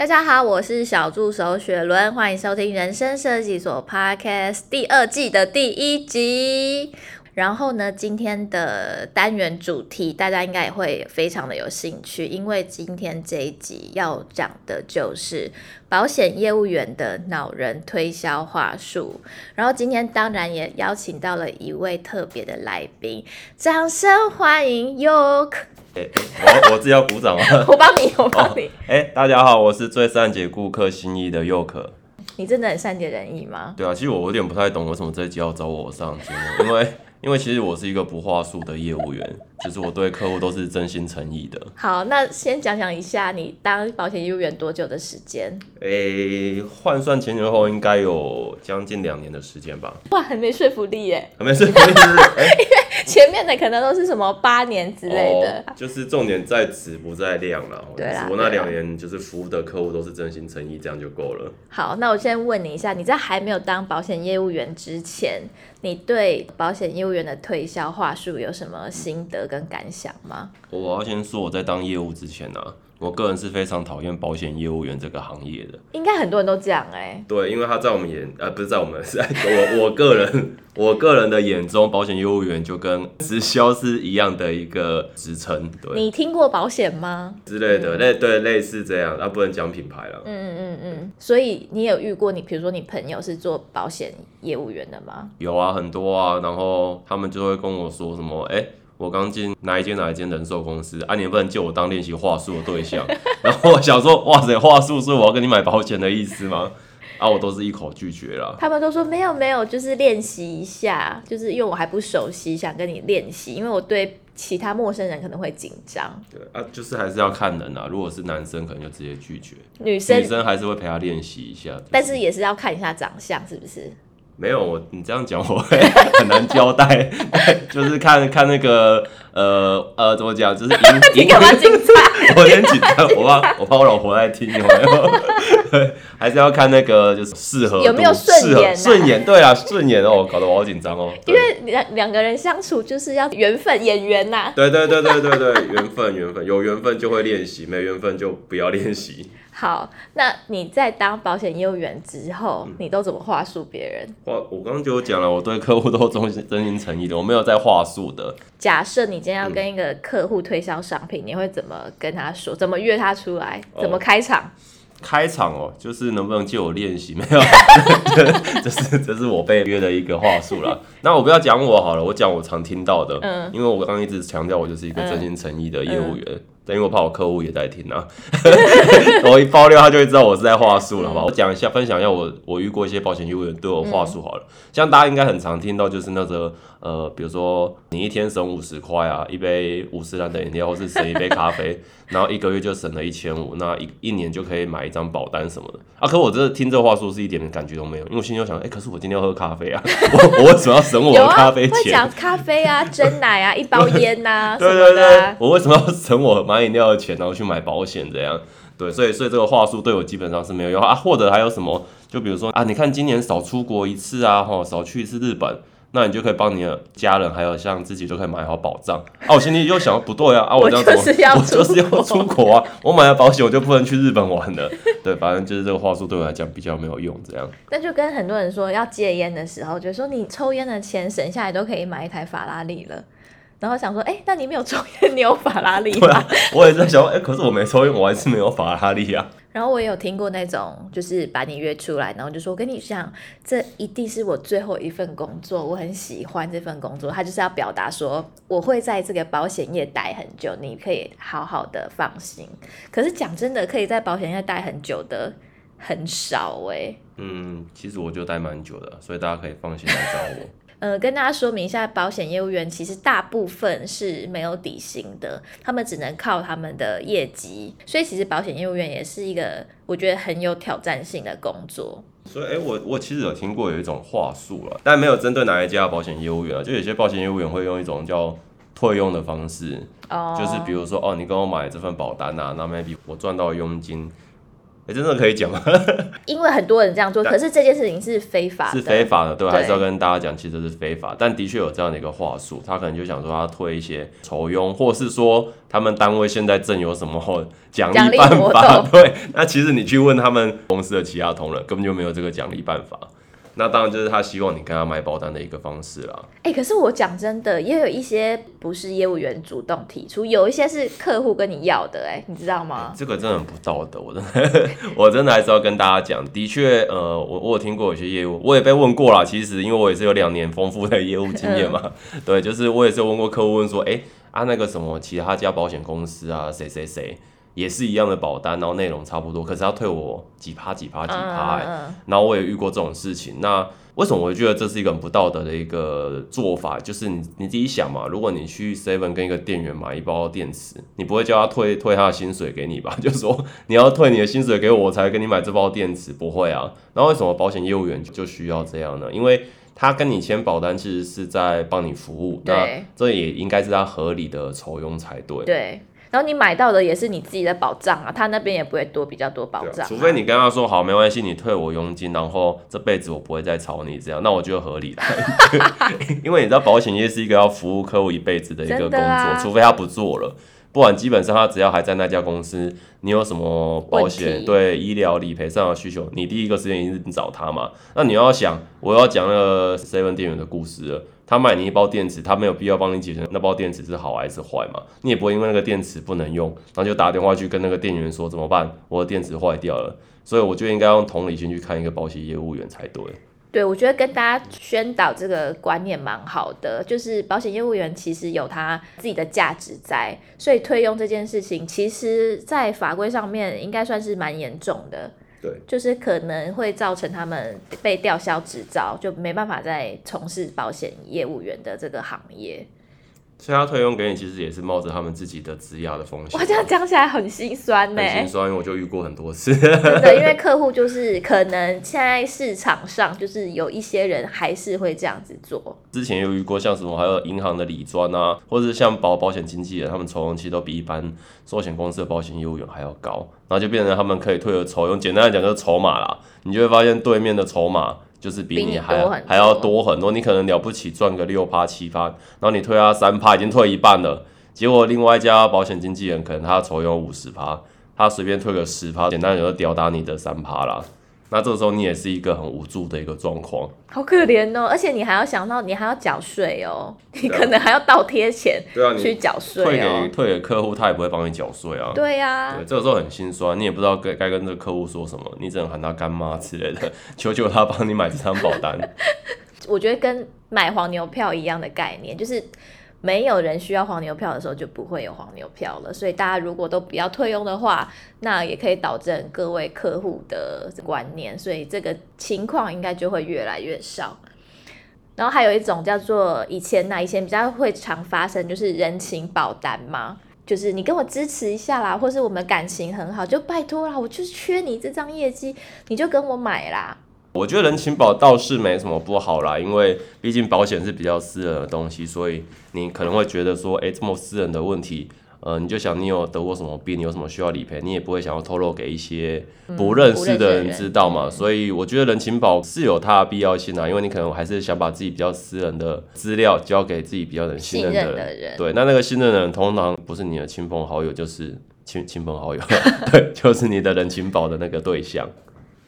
大家好，我是小助手雪倫，歡迎收聽《人生設計所》Podcast 第二季的第一集。然後呢，今天的單元主題大家應該也會非常的有興趣，因為今天這一集要講的就是保險業務員的惱人推銷話術。然後今天當然也邀請到了一位特別的來賓，掌聲歡迎 York 欸欸、我，我自只己要鼓掌啊！ 我幫你，我幫你。哎、哦欸，大家好，我是最善解顧客心意的 Yoko。你真的很善解人意嗎？對啊，其實我有點不太懂為什麼這一集要找我上節目， 因為因為其實我是一個不話術的業務員， 就是我對客戶都是真心誠意的。好，那先講講一下你當保險業務員多久的時間？哎、欸，換算前前後應該有將近兩年的時間吧。哇，很沒說服力耶！還沒說服力。 欸 前面的可能都是什麼八年之類的，oh, 就是重點在質不在量了。對啦，我那兩年就是服務的客戶都是真心誠意，這樣就夠了。好，那我先問你一下，你在還沒有當保險業務員之前，你對保險業務員的推銷話術有什麼心得跟感想嗎？我要先說我在當業務之前呢、啊。我個人是非常討厭保險業務員這個行業的，應該很多人都這樣。哎、欸。對，因為他在我們眼，呃、啊，不是在我們，在、啊、我我個人 我個人的眼中，保險業務員就跟直銷是一樣的一個職稱。對，你聽過保險嗎？之類的，嗯、類對類似這樣，那、啊、不能講品牌了。嗯嗯嗯嗯。所以你有遇過你，比如說你朋友是做保險業務員的嗎？有啊，很多啊，然後他們就會跟我說什麼，哎、欸。我剛進哪一間哪一間人壽公司啊？你能不能借我當練習話術的對象？ 然後我想說，哇塞，話術是我要跟你買保險的意思嗎？啊，我都是一口拒絕了。他們都說沒有沒有，就是練習一下，就是因為我還不熟悉，想跟你練習，因為我對其他陌生人可能會緊張。對啊，就是還是要看人啊。如果是男生，可能就直接拒絕；女生，女生還是會陪他練習一下，就是、但是也是要看一下長相是不是。沒有我，你這樣講我會、欸、很難交代。 欸、就是看看那個呃呃怎麼講，就是 你你幹嘛緊張？ 我有點緊張， 我怕 我怕我老婆在聽，有沒有對？還是要看那個就是適合，有沒有順眼、啊、順眼？順眼對啊，順眼哦，搞得我好緊張哦。因為兩兩個人相處就是要緣分，眼緣吶、啊。對 對對對對對，緣分緣分，有緣分就會練習，沒緣分就不要練習。好，那你在當保險業務員之後，嗯、你都怎麼話術別人？我我剛剛就有講了，我對客戶都忠心、真心誠意的，我沒有在話術的。假設你今天要跟一個客戶推銷商品，嗯、你會怎麼跟他說？怎麼約他出來？哦、怎麼開場？開場哦，就是能不能借我練習？沒有，這、 就是這、就是我被約的一個話術啦。那我不要講我好了，我講我常聽到的，嗯、因為我剛一直強調，我就是一個真心誠意的業務員。嗯嗯因為我怕我客戶也在聽啊， 我一爆料他就會知道我是在話術了吧，我講一下，分享一下我我遇過一些保險業務員對我話術好了，嗯、像大家應該很常聽到，就是那個呃，比如說你一天省五十塊啊，一杯五十元的飲料或是省一杯咖啡。 然後一個月就省了一千五，那一一年，就可以買一張保單什麼的啊！可我這聽這話術是一點、點感覺都沒有，因為我心裡就想，哎、欸，可是我今天要喝咖啡啊， 我我為什麼要省我的咖啡錢？啊、會講咖啡啊，珍奶啊，一包菸吶、啊， 對對對、對、啊、我為什麼要省我買飲料的錢，然後去買保險這樣？對，所以所以這個話術對我基本上是沒有用啊。或者還有什麼？就比如說啊，你看今年少出國一次啊，哈，少去一次日本。那你就可以幫你的家人，還有像自己都可以買好保障。啊，我心裡又想，不對呀、啊，啊我這樣，我就是要我就是要出國啊！我買了保險，我就不能去日本玩了。對，反正就是這個話術對我來講比較沒有用，這樣。那就跟很多人說要戒菸的時候，就說你抽菸的錢省下來都可以買一台法拉利了。然後想說，哎、欸，那你沒有抽菸，你有法拉利了、嗎？對啊，我也在想，哎、欸，可是我沒抽菸，我還是沒有法拉利啊。然後我也有聽過那種，就是把你約出來，然後就說：“跟你講，這一定是我最後一份工作，我很喜歡這份工作。”他就是要表達說，我會在這個保險業待很久，你可以好好的放心。可是講真的，可以在保險業待很久的很少誒、欸。嗯，其實我就待蠻久的，所以大家可以放心來找我。 呃，跟大家說明一下，保險業務員其實大部分是沒有底薪的，他們只能靠他們的業績，所以其實保險業務員也是一個我覺得很有挑戰性的工作。所以，欸，我我其實有聽過有一種話術了，但沒有針對哪一家保險業務員，就有些保險業務員會用一種叫退傭的方式，oh. 就是比如說，哦，你跟我買這份保單啊，那 maybe 我賺到傭金。欸、真的可以講嗎？因 為很多人這樣做，可是這件事情是非法，是非法的，對，對還是要跟大家講，其實是非法。但的確有這樣的一個話術，他可能就想說他退一些酬傭，或是說他們單位現在正有什麼獎勵辦法。對，那其實你去問他們公司的其他同仁，根本就沒有這個獎勵辦法。那當然就是他希望你跟他買保單的一個方式啦。哎、欸，可是我講真的，也有一些不是業務員主動提出，有一些是客戶跟你要的、欸，哎，你知道嗎？嗯、這個真的很不道德，我真的， 我真的還是要跟大家講，的確，呃，我我有聽過有些業務，我也被問過啦，其實因為我也是有兩年豐富的業務經驗嘛， 對，就是我也是問過客戶，問說，哎、欸，啊那個什麼，其他家保險公司啊，誰誰誰。也是一樣的保單，然後內容差不多，可是他退我幾趴幾趴幾趴，欸、uh, uh, uh. 然後我也遇過這種事情。那為什麼我會覺得這是一個很不道德的一個做法？就是你你自己想嘛，如果你去 Seven 跟一個店員買一包電池，你不會叫他退退他的薪水給你吧？就說你要退你的薪水給我，我才跟你買這包電池，不會啊。那為什麼保險業務員就需要這樣呢？因為他跟你簽保單其實是在幫你服務，對那這也應該是他合理的抽佣才對。對。然後你買到的也是你自己的保障啊，他那邊也不會多比較多保障，啊啊，除非你跟他說好，沒關係，你退我佣金，然後這輩子我不會再炒你這樣，那我就合理了。 因為你知道保險業是一個要服務客戶一輩子的一個工作，啊、除非他不做了，不然基本上他只要還在那家公司，你有什麼保險，對醫療理賠上的需求，題你第一個時間一定找他嘛。那你要想，我要講那個 Seven 店員的故事了。他買你一包電池，他沒有必要幫你解決那包電池是好還是壞嘛？你也不會因為那個電池不能用，然後就打電話去跟那個店員說怎麼辦？我的電池壞掉了，所以我就應該用同理心去看一個保險業務員才對。對，我覺得跟大家宣導這個觀念蠻好的，就是保險業務員其實有他自己的價值在，所以退佣這件事情，其實在法規上面應該算是蠻嚴重的。對，就是可能會造成他們被吊銷執照，就沒辦法再從事保險業務員的這個行業。所以，他退佣給你，其實也是冒着他們自己的執業的風險。我這樣講起來很心酸呢、欸。心酸，因為我就遇過很多次。對，因為客戶就是 可能現在市場上就是有一些人還是會這樣子做。之前有遇過像什麼，還有銀行的理專啊，或者像保保險經紀人，他們酬佣期都比一般壽險公司的保險業務員還要高，然後就變成他們可以退的酬佣。簡單來講，就是籌碼啦。你就會發現對面的籌碼。就是比你還比你還要多很多，你可能了不起賺個六趴七趴，然後你退他三趴，已經退一半了。結果另外一家保險經紀人可能他酬佣五十趴，他隨便退個十趴，簡單就吊打你的三趴了啦。那這個時候你也是一個很無助的一個狀況，好可憐哦！嗯、而且你還要想到你還要繳稅哦，啊、你可能還要倒貼錢，對啊，去繳稅，退給退給客戶，他也不會幫你繳稅啊。對呀、對，這個時候很心酸，你也不知道該該跟這個客戶說什麼，你只能喊他乾媽之類的，求求他幫你買這張保單。 我覺得跟買黃牛票一樣的概念，就是。沒有人需要黃牛票的時候，就不會有黃牛票了。所以大家如果都不要退佣的話，那也可以導正各位客戶的觀念，所以這個情況應該就會越來越少。然後還有一種叫做以前那、啊、以前比較會常發生，就是人情保單嘛，就是你跟我支持一下啦，或是我們感情很好，就拜託啦，我就是缺你這張業績，你就跟我買啦。我覺得人情保倒是沒什麼不好啦，因為畢竟保險是比較私人的東西，所以你可能會覺得說，哎、欸，這麼私人的問題，呃，你就想你有得過什麼病，你有什麼需要理賠，你也不會想要透露給一些不認識的人知道嘛。嗯嗯、所以我覺得人情保是有它的必要性吶，因為你可能還是想把自己比較私人的資料交給自己比較能的人。信任的人。的人對，那那個信任的人通常不是你的親朋好友，就是親親朋好友， 對，就是你的人情保的那個對象。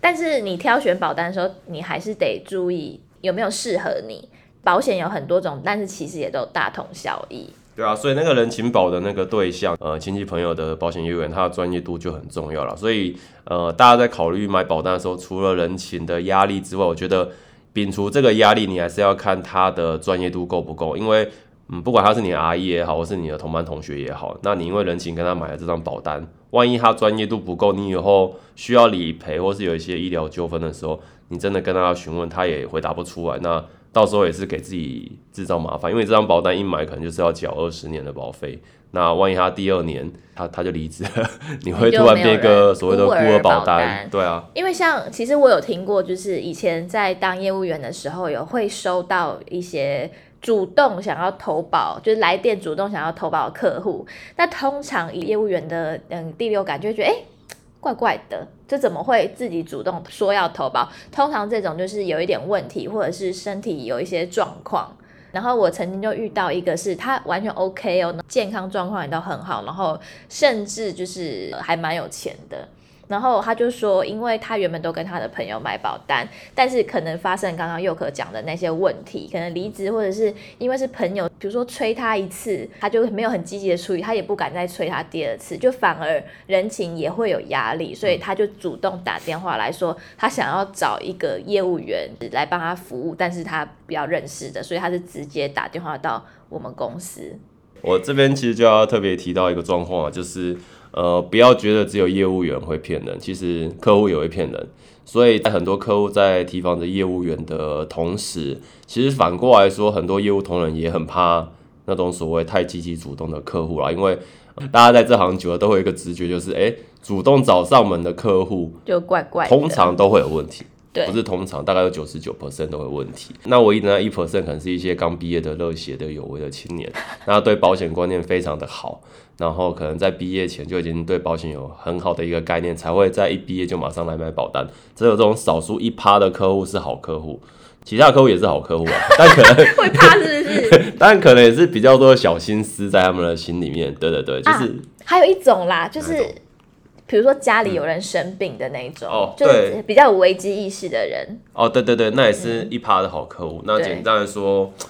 但是你挑選保單的時候，你還是得注意有沒有適合你。保險有很多種，但是其實也都有大同小異。對啊，所以那個人情保的那個對象，呃，親戚朋友的保險業務員，他的專業度就很重要了。所以，呃，大家在考慮買保單的時候，除了人情的壓力之外，我覺得，摒除這個壓力，你還是要看他的專業度夠不夠，因為。嗯，不管他是你的阿姨也好，或是你的同班同學也好，那你因為人情跟他買了這張保單，萬一他專業度不夠，你以後需要理賠或是有一些醫療糾紛的時候，你真的跟他詢問，他也回答不出來，那到時候也是給自己製造麻煩。因為這張保單一買，可能就是要繳二十年的保費，那萬一他第二年他他就離職了，你會突然變個所謂的孤兒保單，對啊。因為像其實我有聽過，就是以前在當業務員的時候，有會收到一些，主動想要投保，就是來電主動想要投保的客戶，那通常以業務員的嗯第六感就會覺得，哎，怪怪的，這怎麼會自己主動說要投保？通常這種就是有一點問題，或者是身體有一些狀況。然後我曾經就遇到一個是他完全 OK 哦，健康狀況也都很好，然後甚至就是還蠻有錢的。然後他就說，因為他原本都跟他的朋友買保單，但是可能發生剛剛佑可講的那些問題，可能離職或者是因為是朋友，比如說催他一次，他就沒有很積極的處理，他也不敢再催他第二次，就反而人情也會有壓力，所以他就主動打電話來說，他想要找一個業務員來幫他服務，但是他比較認識的，所以他是直接打電話到我們公司。我這邊其實就要特別提到一個狀況，就是。呃，不要覺得只有業務員會騙人，其實客戶也會騙人。所以在很多客戶在提防着業務員的同時，其實反過來說，很多業務同仁也很怕那種所謂太積極主動的客戶啦。因為大家在這行久了，都會有一個直覺，就是誒，主動找上門的客戶就怪怪，通常都會有問題。對不是通常大概有九十九 percent 都有問題，那唯一那一 percent 可能是一些剛畢業的熱血的有為的青年， 那對保險觀念非常的好，然後可能在畢業前就已經對保險有很好的一個概念，才會在一畢業就馬上來買保單。只有這種少數一趴的客戶是好客戶，其他的客戶也是好客戶啊， 但可能 會怕是不是？ 但可能也是比較多的小心思在他們的心裡面。嗯、對對對，就是、啊、還有一種啦，就是。比如說家裡有人生病的那種，嗯哦、就比較有危機意識的人。哦，對對對，那也是一趴的好客戶。嗯、那簡單來說，對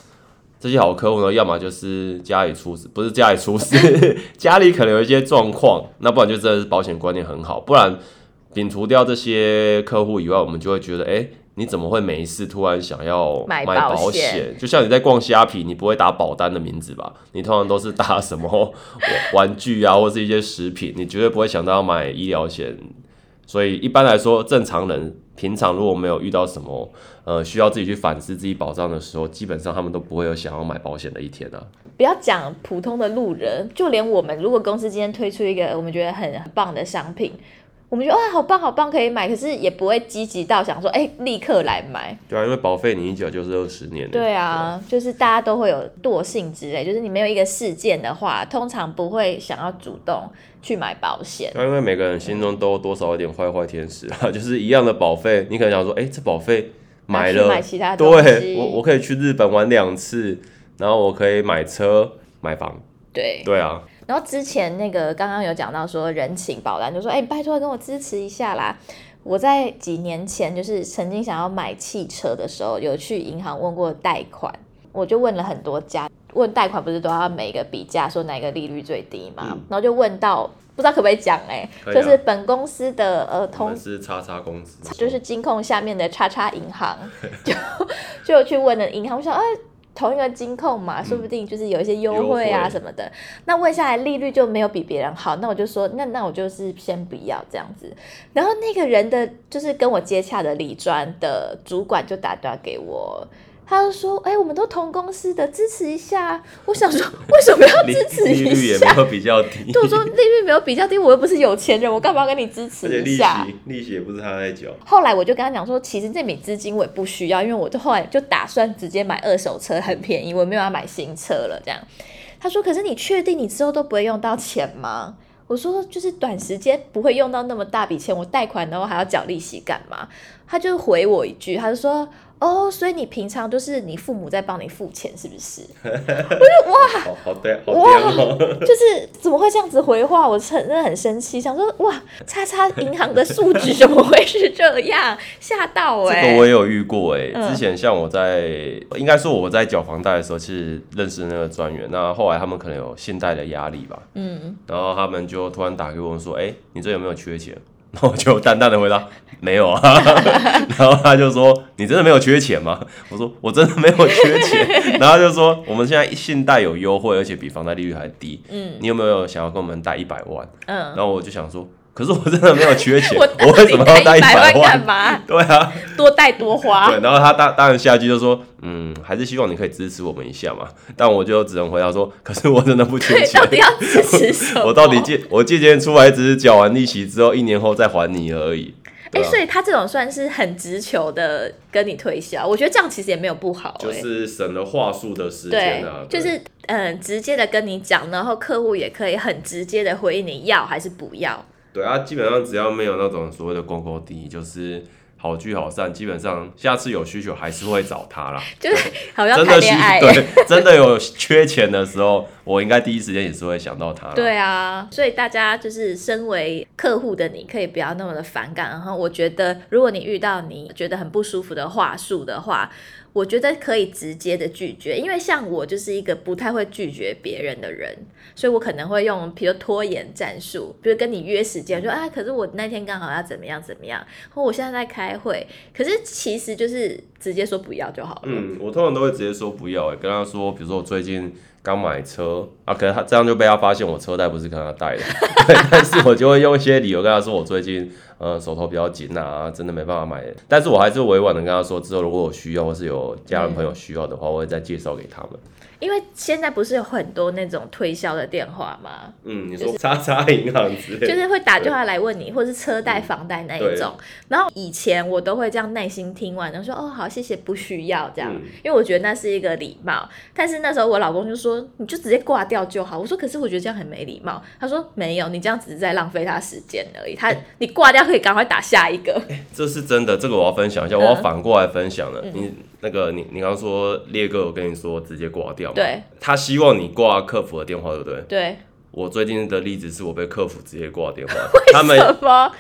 這些好客戶呢，要麼就是家裡出事，不是家裡出事， 家裡可能有一些狀況，那不然就真的是保險觀念很好。不然，摒除掉這些客戶以外，我們就會覺得，哎。你怎麼會每一次突然想要買保險？就像你在逛蝦皮，你不會打保單的名字吧？你通常都是打什麼玩具啊，或是一些食品，你絕對不會想到要買醫療險。所以一般來說，正常人平常如果沒有遇到什麼呃需要自己去反思自己保障的時候，基本上他們都不會有想要買保險的一天啊。不要講普通的路人，就連我們，如果公司今天推出一個我們覺得很很棒的商品。我們覺得哇、哦，好棒好棒，可以買，可是也不會積極到想說，哎，立刻來買。對啊，因為保費你一繳就是二十年的。對啊，對就是大家都會有惰性之類，就是你沒有一個事件的話，通常不會想要主動去買保險。對啊，因為每個人心中都有多少有點壞壞天使啊，對就是一樣的保費，你可能想說，哎，這保費買了，買其他東西，對，我我可以去日本玩兩次，然後我可以買車買房。對，對啊。然後之前那個剛剛有講到說人情保單，就說哎、欸，拜託跟我支持一下啦！我在幾年前就是曾經想要買汽車的時候，有去銀行問過貸款，我就問了很多家，問貸款不是都要每一個比價，說哪個利率最低嘛？嗯、然後就問到，不知道可不可以講、欸，哎、啊，就是本公司的呃，同是叉叉公司，就是金控下面的叉叉銀行，就就去問了銀行，我想、啊同一個金控嘛，嗯、說不定就是有一些優惠啊什麼的。優惠。那問下來利率就沒有比別人好，那我就說，那那我就是先不要這樣子。然後那個人的就是跟我接洽的理專的主管就打電話給我。他就說：“哎、欸，我們都同公司的，支持一下。”我想說：“為什麼要支持一下？” 利率也沒有比較低。對，我說利率沒有比較低，我又不是有錢人，我幹嘛要跟你支持一下？利息利息也不是他在繳。後來我就跟他講說：“其實這筆資金我也不需要，因為我就後來就打算直接買二手車，很便宜，我沒有要買新車了。”這樣他說：“可是你確定你之後都不會用到錢嗎？”我說：“就是短時間不會用到那麼大筆錢，我貸款然後還要繳利息幹嘛？”他就回我一句，他就說。哦，oh, 所以你平常都是你父母在幫你付錢，是不是？ 我就哇？ 好，對哦，哇，就是怎麼會這樣子回話？我真的很，很生氣，想說哇，叉叉銀行的數據怎麼會是這樣？嚇 到我、欸。這個我也有遇過。哎、欸，之前像我在，嗯、應該說我在繳房貸的時候，其實認識那個專員，那後來他們可能有信貸的壓力吧，嗯，然後他們就突然打給我說，哎、欸，你這有沒有缺錢？然後我就淡淡的回答：“沒有啊。”然後他就說：“你真的沒有缺錢嗎？”我說：“我真的沒有缺錢。”然後他就說：“我們現在信貸有優惠，而且比房貸利率還低。嗯，你有沒有想要跟我們貸一百萬？”嗯，然後我就想說。可是我真的沒有缺錢， 我,到底我為什麼要貸一百萬幹嘛？對啊，多貸多花。 對，然後他當當然下一句就說，嗯，還是希望你可以支持我們一下嘛。但我就只能回答說，可是我真的不缺錢，對，到底要支持什麼？ 我到底借我借錢出來，只是繳完利息之後，一年後再還你而已。哎、啊欸，所以他這種算是很直球的跟你推銷，我覺得這樣其實也沒有不好、欸，就是省了話術的時間啊。就是嗯、呃，直接的跟你講，然後客戶也可以很直接的回應你要還是不要。對啊，基本上只要沒有那種所謂的公公敵，就是好聚好散。基本上下次有需求還是會找他啦。 就是對真的戀愛，對，真的有缺錢的時候， 我應該第一時間也是會想到他。對啊，所以大家就是身為客戶的你，可以不要那麼的反感。然後我覺得，如果你遇到你覺得很不舒服的話術的話，我覺得可以直接的拒絕，因為像我就是一個不太會拒絕別人的人，所以我可能會用，比如拖延戰術，比如跟你約時間，說啊，可是我那天剛好要怎麼樣怎麼樣，或我現在在開會，可是其實就是直接說不要就好了。嗯，我通常都會直接說不要、欸，跟他說，比如說我最近剛買車啊，可能他這樣就被他發現我車貸不是跟他貸的， 對，但是我就會用一些理由跟他說我最近。呃、嗯，手頭比較緊啊，真的沒辦法買。但是我還是委婉的跟他說，之後如果有需要，或是有家人朋友需要的話，嗯、我會再介紹給他們。因為現在不是有很多那種推銷的電話嗎？嗯，你說叉叉銀行之類的，就是會打電話來問你，對或者是車貸、房貸那一種。嗯、然後以前我都會這樣耐心聽完，然後說哦好，謝謝，不需要這樣，嗯、因為我覺得那是一個禮貌。但是那時候我老公就說，你就直接掛掉就好。我說可是我覺得這樣很沒禮貌。他說沒有，你這樣只是在浪費他時間而已。他、欸、你掛掉可以趕快打下一個、欸。這是真的，這個我要分享一下，嗯、我要反過來分享了。嗯、你那個你你剛剛說獵哥，我跟你說直接掛掉。對，他希望你掛客服的電話，對不對？對，我最近的例子是我被客服直接掛電話，他們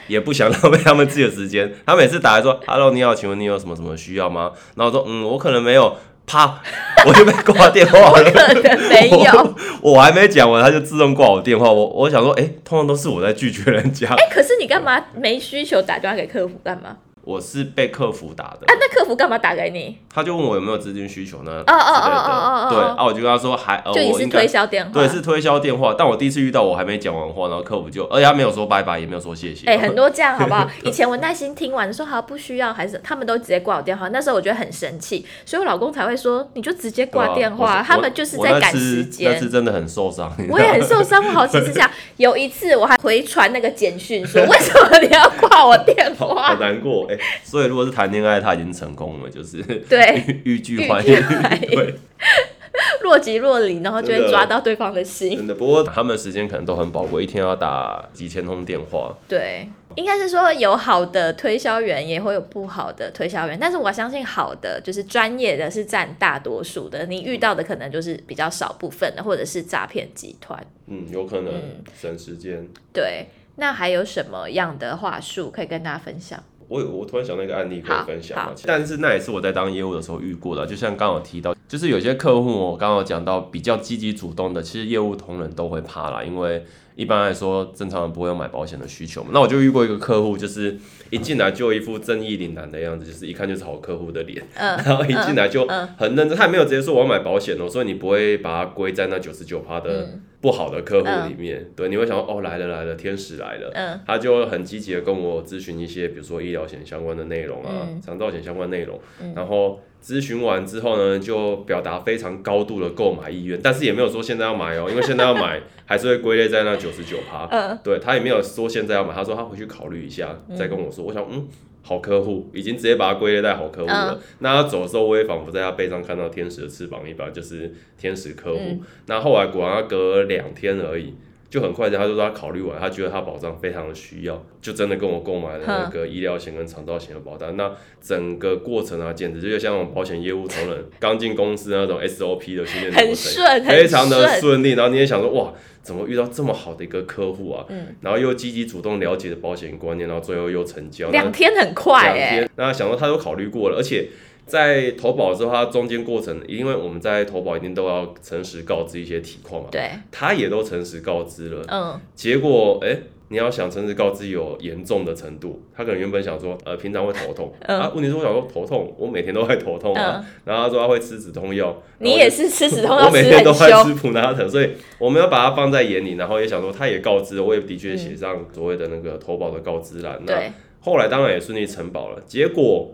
也不想浪費他們自己的時間。他每次打來說：“Hello，你好，請問你有什麼什麼需要嗎？”然後說：“嗯，我可能沒有。”啪，我就被掛電話了。 可能沒有，我，我還沒講完，他就自動掛我電話。我我想說，哎，通常都是我在拒絕人家。哎，可是你幹嘛沒需求打電話給客服幹嘛？我是被客服打的哎，那客服幹嘛打給你？他就問我有沒有資金需求呢？哦哦哦哦哦，對啊，我就跟他說還呃，就也是推銷電話，對，是推銷電話。但我第一次遇到，我還沒講完話，然後客服就，而且他沒有說拜拜，也沒有說謝謝。哎，很多這樣，好不好？以前我耐心聽完的時候，好不需要，還是他們都直接掛我電話。那時候我覺得很神奇，所以我老公才會說，你就直接掛電話，他們就是在趕時間。那次真的很受傷，我也很受傷。我好幾次這樣，有一次我還回傳那個簡訊說，為什麼你要掛我電話？好難過。所以，如果是談戀愛，他已經成功了，就是對欲拒還迎，愛對， 若即若離，然後就會抓到對方的心。真的，真的，不過他們時間可能都很寶貴，一天要打幾千通電話。對，應該是說有好的推銷員，也會有不好的推銷員，但是我相信好的就是專業的，是佔大多數的。你遇到的可能就是比較少部分的，或者是詐騙集團。嗯，有可能省時間，嗯。對，那還有什麼樣的話術可以跟大家分享？我我突然想到一個案例可以分享，但是那也是我在當業務的時候遇過的。就像剛剛提到，就是有些客戶，我剛剛講到比較積極主動的，其實業務同仁都會怕啦，因為一般來說正常人不會有買保險的需求嘛。那我就遇過一個客戶，就是一進來就一副正義凜然的樣子，就是一看就是好客戶的臉，嗯、然後一進來就很認真，他也沒有直接說我要買保險哦、喔，所以你不會把它歸在那九十九趴的、嗯。不好的客戶裡面，對，你會想哦，來了來了，天使來了，他就很積極的跟我諮詢一些，比如說醫療險相關的內容啊，長照險相關內容，然後諮詢完之後呢，就表達非常高度的購買意願，但是也沒有說現在要買哦，因為現在要買還是會歸類在那九十九趴，對，他也沒有說現在要買，他說他回去考慮一下，再跟我說，我想嗯。好客戶已經直接把他歸類在好客戶了。哦、那他走的時候，我也仿佛在他背上看到天使的翅膀一般，就是天使客戶。嗯、那後來果然他隔了兩天而已。就很快的，他就說他考慮完，他覺得他保障，非常的需要，就真的跟我購買了那個醫療險跟長照險的保單。嗯、那整個過程啊，簡直就是像保險業務同仁剛進 公司那種 SOP 的訓練，很順，非常的順利。然後你也想說，嗯、哇，怎麼遇到這麼好的一個客戶啊？嗯、然後又積極主動了解保險觀念，然後最後又成交，兩天很快哎、欸。那想說他都考慮過了，而且。在投保的時候，它中間過程，嗯、因為我們在投保一定都要誠實告知一些體況啊，對他也都誠實告知了，嗯，結果，哎、欸，你要想誠實告知有嚴重的程度，他可能原本想說，呃，平常會頭痛、嗯、啊，問題是我想說頭痛，我每天都會頭痛啊，嗯、然後他說他會吃止痛藥，你也是吃止痛藥， 我每天都會吃普拿疼。所以我們要把它放在眼裡，然後也想說他也告知了，我也的確寫上所謂的那個投保的告知欄，嗯、那後來當然也順利承保了，結果。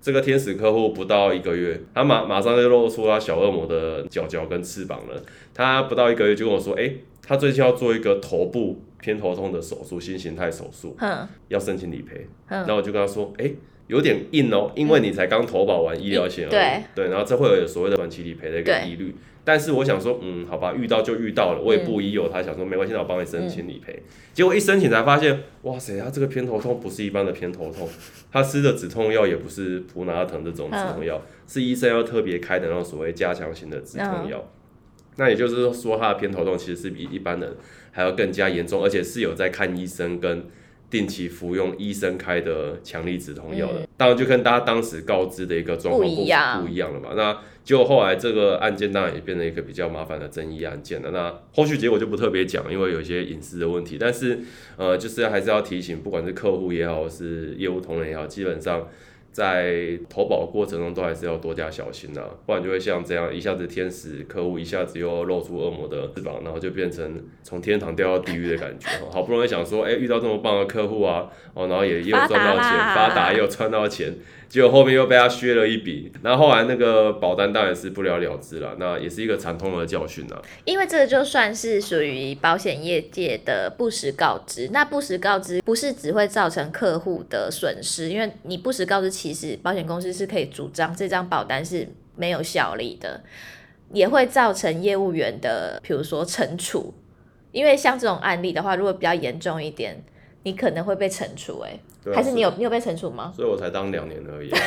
這個天使客戶不到一個月，他馬馬上就露出他小惡魔的腳腳跟翅膀了。他不到一個月就跟我說，哎、欸，他最近要做一個頭部偏頭痛的手術，新型態手術，哼要申請理賠。哼然後我就跟他說，哎、欸，有點硬哦，因為你才剛投保完醫療險，嗯、對對，然後這會有所謂的短期理賠的一個疑慮。但是我想說，嗯，好吧，遇到就遇到了，我也不疑有他，想說沒關係，那我幫你申請理賠。嗯、結果一申請才發現，哇塞，他這個偏頭痛不是一般的偏頭痛，他吃的止痛藥也不是普拿疼這種止痛藥，嗯、是醫生要特別開的那種所謂加強型的止痛藥。嗯、那也就是說，他的偏頭痛其實是比一般人還要更加嚴重，而且是有在看醫生跟。定期服用醫生開的強力止痛藥的，嗯，當然就跟大家當時告知的一個狀況不一不一樣了嘛。啊，那就後來這個案件當然也變成一個比較麻煩的爭議案件了。那後續結果就不特別講，因為有一些隱私的問題。但是呃，就是還是要提醒，不管是客戶也好，是業務同仁也好，基本上。在投保過程中都還是要多加小心啊，不然就會像這樣一下子天使客戶，一下子又露出惡魔的翅膀，然後就變成從天堂掉到地獄的感覺。好不容易想說，哎、欸，遇到這麼棒的客戶啊，哦，然後也有賺到錢，發達也有賺到錢。結果後面又被他削了一筆，然後後來那個保單當然是不了了之了，那也是一個慘痛的教訓呢。因為這個就算是屬於保險業界的不實告知，那不實告知不是只會造成客戶的損失，因為你不實告知，其實保險公司是可以主張這張保單是沒有效力的，也會造成業務員的，譬如說懲處，因為像這種案例的話，如果比較嚴重一點。你可能會被懲處、欸，哎、啊，還是你有是你有被懲處嗎？所以我才當兩年而已、啊，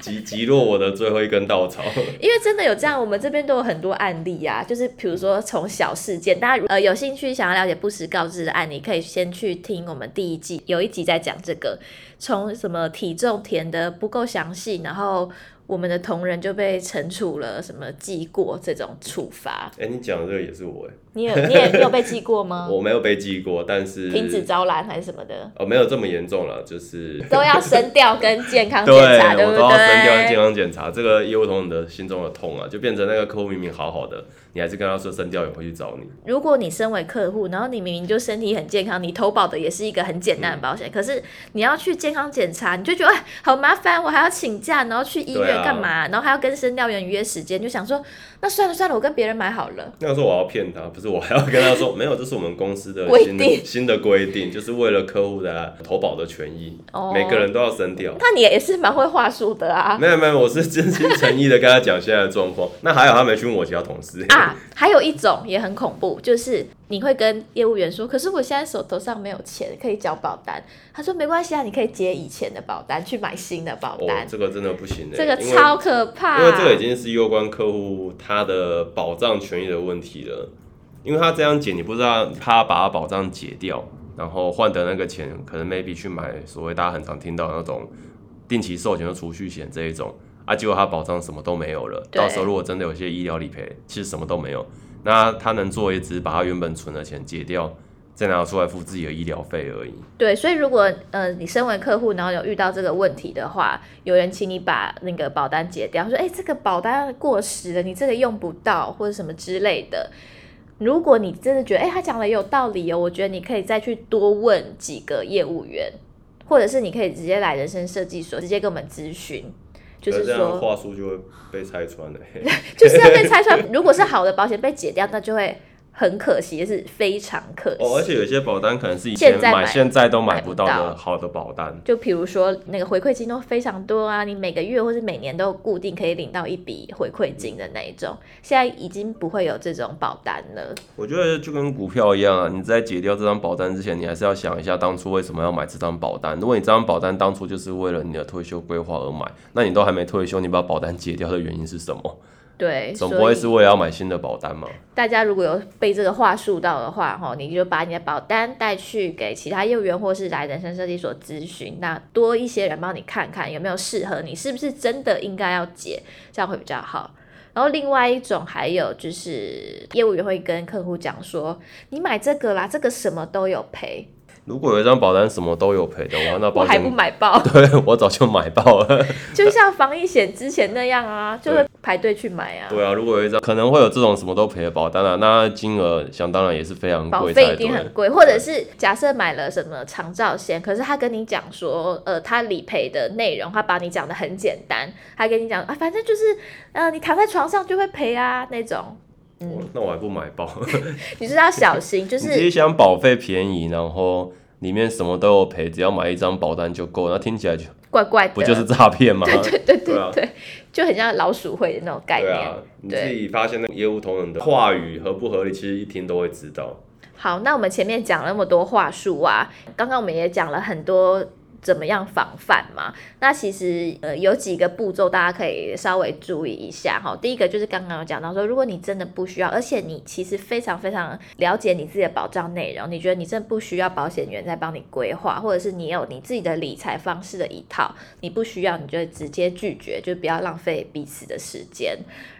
擊擊 落我的最後一根稻草。 因為真的有這樣，我們這邊都有很多案例啊，就是比如說從小事件，大家呃有興趣想要了解不實告知的案例，你可以先去聽我們第一季有一集在講這個，從什麼體重填得不夠詳細，然後我們的同仁就被懲處了什麼記過這種處罰。哎、欸，你講的這個也是我哎、欸。你你也沒有被記過嗎？ 我沒有被記過，但是停止招攬還是什麼的？哦，沒有這麼嚴重了，就是都要生調跟健康檢查， 對，對不對，我都要生調跟健康檢查。這個業務同仁的心中的痛啊，就變成那個客戶明明好好的，你還是跟他說生調也會去找你。如果你身為客戶，然後你明明就身體很健康，你投保的也是一個很簡單的保險，嗯、可是你要去健康檢查，你就覺得哎，好麻煩，我還要請假，然後去醫院幹嘛？啊、然後還要跟生調員預約時間，就想說那算了算了，我跟別人買好了。那個時候我要騙他，不是。 我還要跟他說，沒有，這是我們公司的規定，新的規定，就是為了客戶的、啊、投保的權益，oh, 每個人都要生調。那你也是蠻會話術的啊？沒有沒有，我是真心誠意的跟他講現在的狀況。 那還有，他沒去問我其他同事啊。還有一種也很恐怖，就是你會跟業務員說，可是我現在手頭上沒有錢可以繳保單。他說沒關係啊，你可以解以前的保單去買新的保單。Oh, 這個真的不行、欸，這個超可怕，因，因為這個已經是攸關客戶他的保障權益的問題了。因為他這樣解，你不知道怕他把他保障解掉，然後換得那個錢，可能 maybe 去買所謂大家很常聽到那種定期壽險或儲蓄險這一種啊，結果他保障什麼都沒有了。對到時候如果真的有些醫療理賠，其實什麼都沒有，那他能做也只是把他原本存的錢解掉，再拿出來付自己的醫療費而已。對，所以如果呃你身為客戶，然後有遇到這個問題的話，有人請你把那個保單解掉，說哎、欸、這個保單過時了，你這個用不到或者什麼之類的。如果你真的覺得，哎、欸，他講的有道理哦，我覺得你可以再去多問幾個業務員，或者是你可以直接來人生設計所，直接跟我們諮詢，就是說這樣話術就會被拆穿了， 就是要被拆穿。 如果是好的保險被解掉，那就會。很可惜，也是非常可惜。哦，而且有些保單可能是以前買，現在買，現在都買不到的好的保單。就比如說那個回饋金都非常多啊，你每個月或是每年都固定可以領到一筆回饋金的那一種，嗯，現在已經不會有這種保單了。我覺得就跟股票一樣啊，你在解掉這張保單之前，你還是要想一下當初為什麼要買這張保單。如果你這張保單當初就是為了你的退休規劃而買，那你都還沒退休，你把保單解掉的原因是什麼？對，總不會是為了要買新的保單嘛。大家如果有被這個話術到的話，吼，你就把你的保單帶去給其他業務員或是來人生設計所諮詢，那多一些人幫你看看有沒有適合你，是不是真的應該要解，這樣會比較好。然後另外一種還有就是業務員會跟客戶講說，你買這個啦，這個什麼都有賠。如果有一張保單什麼都有賠的話，話，那保單我還不買爆啊對？對，我早就買爆了，就像防疫險之前那樣啊，就會排隊去買啊對。對啊，如果有一張可能會有這種什麼都賠的保單啊，那金額想當然也是非常貴，保費一定很貴，才對 或者是假設買了什麼長照險，對 可是他跟你講說，呃，他理賠的內容他把你講的很簡單，他跟你講啊，反正就是呃，你躺在床上就會賠啊那種。嗯、那我還不買爆。 你是要小心，就是你想 保費便宜，然後裡面什麼都有賠，只要買一張保單就夠，那聽起來就怪怪，不就是詐騙嗎怪怪？對對對對，對、啊、就很像老鼠會的那種概念。對啊，對你自己發現那業務同仁的話語合不合理，其實一聽都會知道。好，那我們前面講了那麼多話術啊，剛剛我們也講了很多。怎麼樣防範嘛？那其實呃有幾個步驟，大家可以稍微注意一下哈。第一個就是剛剛有講到說，如果你真的不需要，而且你其實非常非常了解你自己的保障內容，你覺得你真的不需要保險員在幫你規劃，或者是你有你自己的理財方式的一套，你不需要，你就直接拒絕，就不要浪費彼此的時間。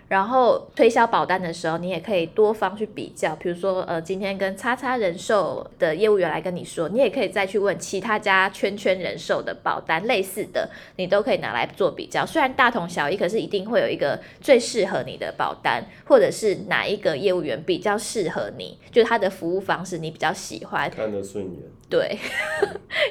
然後推銷保單的時候，你也可以多方去比較。譬如說，呃，今天跟叉叉人壽的業務員來跟你說，你也可以再去問其他家圈圈人壽的保單，類似的你都可以拿來做比較。雖然大同小異，可是一定會有一個最適合你的保單，或者是哪一個業務員比較適合你，就他的服務方式你比較喜歡，看得順眼。對，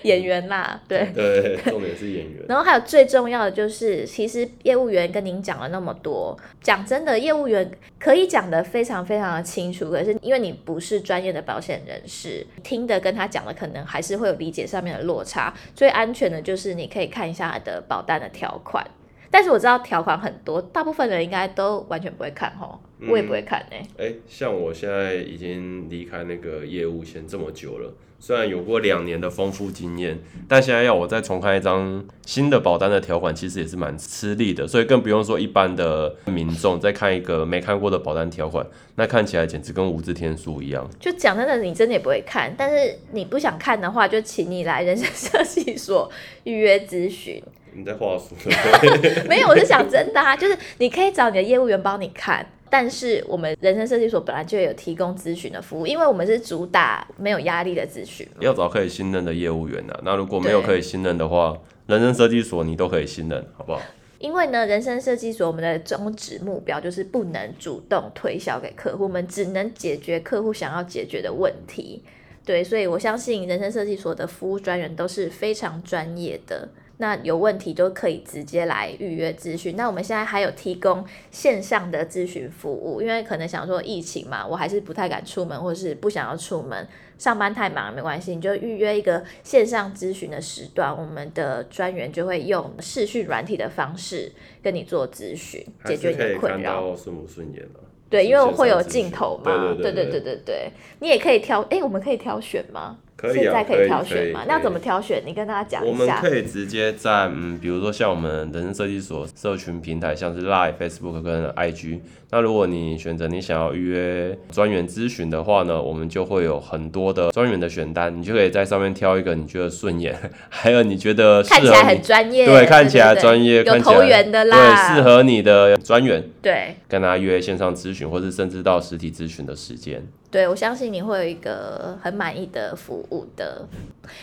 演員啦，對，對，重點是演員。然後還有最重要的就是，其實業務員跟您講了那麼多，講真的，業務員可以講得非常非常的清楚，可是因為你不是專業的保險人士，聽的跟他講的可能還是會有理解上面的落差。最安全的就是你可以看一下他的保單的條款，但是我知道條款很多，大部分人應該都完全不會看吼，我也不會看呢。哎、嗯，像我現在已經離開那個業務線這麼久了。雖然有過兩年的豐富經驗，但現在要我再重開一張新的保單的條款，其實也是蠻吃力的。所以更不用說一般的民眾再看一個沒看過的保單條款，那看起來簡直跟無字天書一樣。就講真的，你真的也不會看。但是你不想看的話，就請你來人生設計所預約諮詢。你在話術？ 沒有，我是想真的啊，就是你可以找你的業務員幫你看。但是我們人生設計所本來就有提供諮詢的服務，因為我們是主打沒有壓力的諮詢，要找可以信任的業務員的，那如果沒有可以信任的話，對人生設計所你都可以信任，好不好？因為呢，人生設計所我們的宗旨目標就是不能主動推銷給客戶，我們只能解決客戶想要解決的問題。對，所以我相信人生設計所的服務專員都是非常專業的。那有問題都可以直接來預約諮詢。那我們現在還有提供線上的諮詢服務，因為可能想說疫情嘛，我還是不太敢出門，或是不想要出門，上班太忙，沒關係，你就預約一個線上諮詢的時段，我們的專員就會用視訊軟體的方式跟你做諮詢，解決你的困擾。看到順不順眼？對，因為會有鏡頭嘛。對對對對對，對，對，對你也可以挑，哎，我們可以挑選嗎？可以啊，現在可以挑選嗎？那要怎麼挑選？你跟大家講一下。我們可以直接在嗯，比如說像我們人生設計所社群平台，像是 Live、Facebook 跟 IG。那如果你選擇你想要預約專員諮詢的話呢，我們就會有很多的專員的選單，你就可以在上面挑一個你覺得順眼，還有你覺得你看起來很專業，對，看起來專業，跟投緣的啦，對，適合你的專員，對，對跟他約線上諮詢，或是甚至到實體諮詢的時間。對，我相信你會有一個很滿意的服務的。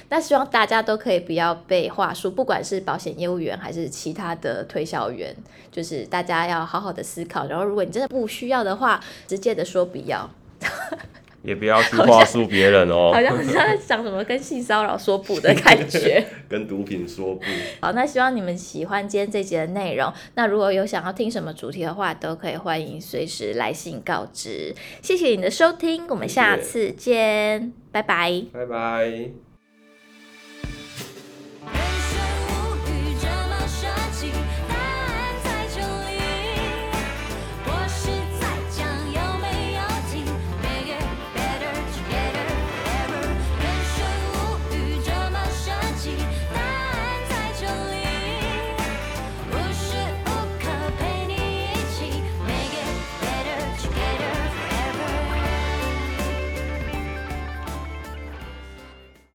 那希望大家都可以不要被話術，不管是保險業務員還是其他的推銷員，就是大家要好好的思考。然後，如果你真的不需要的話，直接的說不要。 也不要去話術別人哦，好像，好像是他在講什麼跟性騷擾說不的感覺， 跟毒品說不。好，那希望你們喜歡今天這集的內容。那如果有想要聽什麼主題的話，都可以歡迎隨時來信告知。謝謝你的收聽，我們下次見，謝謝拜拜，拜拜。